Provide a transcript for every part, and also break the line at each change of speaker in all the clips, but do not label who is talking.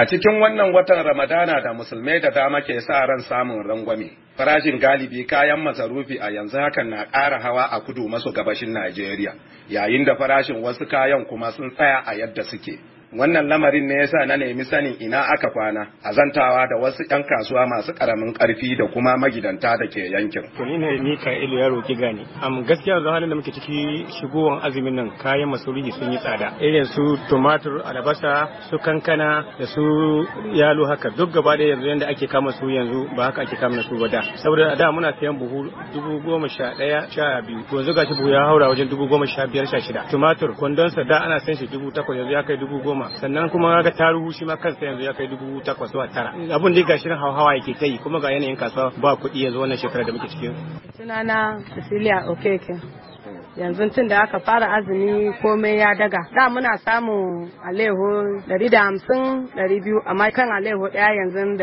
A cikin wannan watan Ramadana da musulmai da dama ke sa ran samun rangwame, farashin galibi kayan masarufi a yanzu hakan na ƙara hawa a kudu maso gabashin Najeriya, yayin da farashin wasu kayan kuma sun tsaya a yadda suke. wannan lamarin ne yasa na nemi sanin ina aka kwana a zantawa da wasu 'yan kasuwa masu karamin ƙarfi da kuma magidanta da ke yankin. To ni ne Mika'ilu ya roki gani. Am gaskiya da halin da muke ciki shigowan azumin nan kayan masurugi sun yi tsada. Irin su tumatur, albasa, su kankana da su yalo haka duk gaba da yanzu yanda ake kama su yanzu ba haka ake kama su ba da. Saboda da muna sayan buhu dubu goma sha ɗaya sha biyu. Yanzu gashi buhu ya haura wajen dubu goma sha biyar sha shida. Tumatur kwandonsa da ana sayan shi dubu takwas yanzu ya kai dubu goma goma sannan kuma ga taruhu shi ma kansa yanzu ya kai dubu takwas zuwa tara abun da gashi hawa yake ta yi kuma ga yanayin kasuwa ba kuɗi yanzu wannan shekarar da muke cikin
sunana Cecilia Okeke yanzu tun da aka fara azumi komai ya daga da muna samun alaiho 150-200 amma kan aleho daya yanzu 300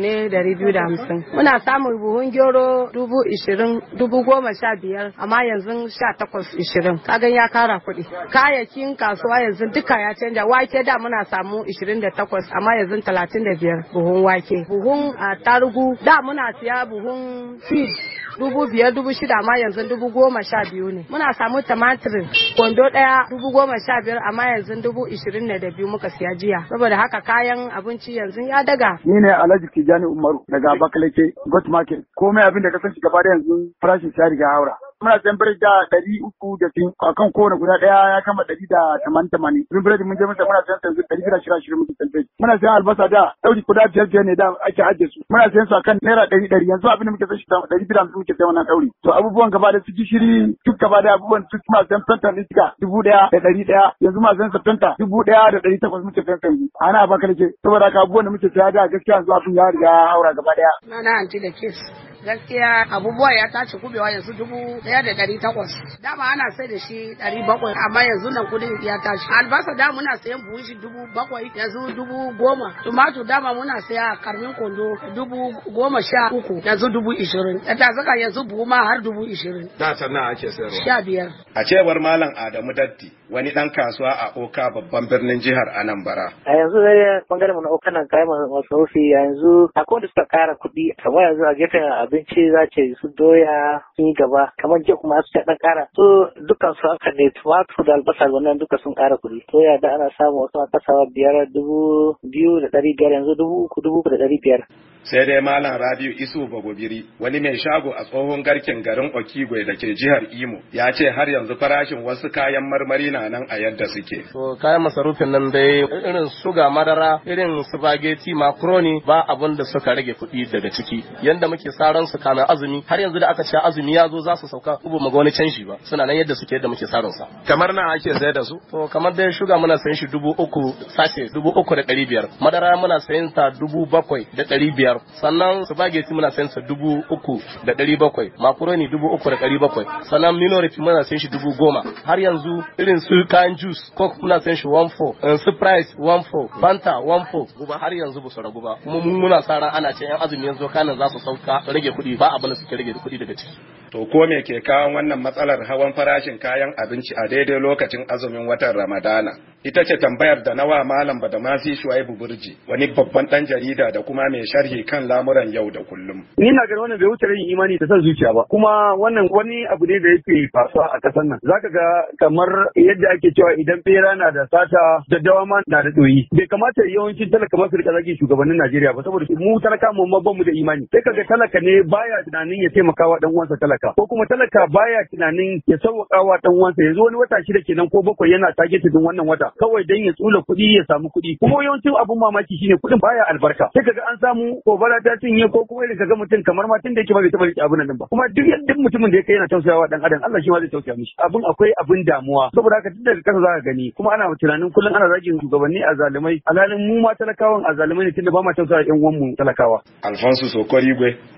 ne 250 muna samun buhun gyoro 20,015 amma yanzu 18,020 kagan ya kara kuɗi kayakin kasuwa yanzu duka ya canja wake da muna samu 28 amma yanzu 35 buhun wake buhun a ah, tarugu da muna siya buhun fish dubu biyar dubu shida amma yanzu dubu goma sha biyu ne muna samu tumatirin kwando ɗaya dubu goma sha biyar amma yanzu dubu ishirin da biyu muka siya jiya saboda haka kayan abinci yanzu ya daga.
ni ne alhaji tijjani umaru daga bakalake got market komai abin da ka san shi gaba da yanzu farashin ya riga haura muna sayan biredi da ɗari uku da sin kan kowane guda ɗaya ya kama ɗari da tamanin tamanin sun da mun je mun muna sayan yanzu ɗari da shira shirin muke sayan muna sayan albasa da ɗauri guda biyar biyar ne da ake ajiye su muna sayan su akan naira ɗari ɗari yanzu abin da muke sayan shi ɗari biyu da hamsin muke sayan wannan ɗauri to abubuwan gaba da su gishiri duk gaba da abubuwan duk muna sayan fanta ne suka dubu ɗaya da ɗari ɗaya yanzu muna sayan fanta dubu ɗaya da ɗari takwas muke sayan yanzu ana ba kalke saboda haka abubuwan da muke saya da gaskiya yanzu abin ya riga haura gaba ɗaya.
Na na anti da kes. gaskiya abubuwa ya tashi kubewa yanzu dubu daya da dari takwas dama ana sai da shi dari bakwai amma yanzu nan kudin ya tashi albasa da muna sayan buhun shi dubu bakwai yanzu dubu goma tumatur dama muna saya karmin kondo dubu goma sha uku yanzu dubu ishirin da tazuka yanzu buhu ma har dubu ishirin.
da sannan ake sayarwa. sha biyar. a cewar malam adamu datti wani dan kasuwa a oka babban birnin jihar anambra.
a yanzu dai bangaren mu na oka nan kayan masarufi yanzu akwai wanda suka kara kuɗi kamar yanzu a gefen abinci za ce su doya sun gaba kamar jiya kuma su ɗan ƙara to dukkan su haka ne tumatur da albasa wannan duka sun ƙara kuɗi doya da ana samu wasu a kasawa biyar dubu biyu da ɗari biyar yanzu dubu uku dubu uku da ɗari biyar.
sai dai malam rabiu isu bagobiri wani mai shago a tsohon garkin garin okigwe da ke jihar imo ya ce har yanzu farashin wasu kayan marmari na nan a yadda suke so
kayan masarufin nan dai irin suga madara irin spaghetti macaroni ba abin da suka rage kuɗi daga ciki yanda muke saran su kana azumi har yanzu da aka ce azumi ya zo za su sauka ubu mu ga wani canji ba suna nan yadda suke yadda muke saran sa kamar na ake sayar da su to kamar dai suga muna sayan shi dubu uku sace dubu uku da ɗari biyar madara muna sayan ta dubu bakwai da ɗari biyar biyar sannan spaghetti muna sayan dubu uku da ɗari bakwai macaroni dubu uku da ɗari bakwai sannan minority muna sayan shi dubu goma har yanzu irin su kayan juice coke muna sayan shi one four eh, su surprise one four fanta one four guba har yanzu ba su ragu ba kuma mun muna sa ran ana ce yan azumi yanzu kanin za su sauka rage kuɗi ba abin da suke
rage kuɗi daga ciki To ko me ke kawo wannan matsalar hawan farashin kayan abinci a daidai lokacin azumin watan Ramadana? Ita ce tambayar da nawa Malam Badamasi Shuaibu Burji,
wani babban dan jarida da kuma mai sharhi kan lamuran yau da kullum. Ni na ga wannan bai wuce yin imani da san zuciya ba, kuma wannan wani abu ne da yake faruwa a ƙasar nan. Zaka ga kamar yadda ake cewa idan bera na da sata daddawa ma na da doyi. Bai kamata yawancin talaka masu rika zagin shugabannin Najeriya ba saboda mu talaka mu ma mu da imani. Sai kaga talaka ne baya tunanin ya taimaka wa dan uwansa talaka. haka ko kuma talaka baya tunanin ya wa ɗan uwansa yanzu wani wata shida kenan ko bakwai yana target don wannan wata kawai dan ya tsula kuɗi ya samu kuɗi kuma yawancin abun mamaki shine kuɗin baya albarka sai kaga an samu bara ta cinye ko kuma ya kaga mutum kamar ma tun da yake ba bai taɓa riƙe abun nan ba kuma duk yadda mutumin da yake yana tausayawa ɗan adam Allah shi ma zai tausaya mishi abun akwai abun damuwa saboda haka tun daga kasa za ka gani kuma ana tunanin kullum ana zagin shugabanni a zalumai alhalin mu ma talakawan a zalumai ne da ba ma tausaya ƴan uwanmu talakawa Alfonso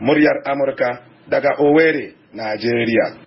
muryar Amurka
daga Owerri Najeriya.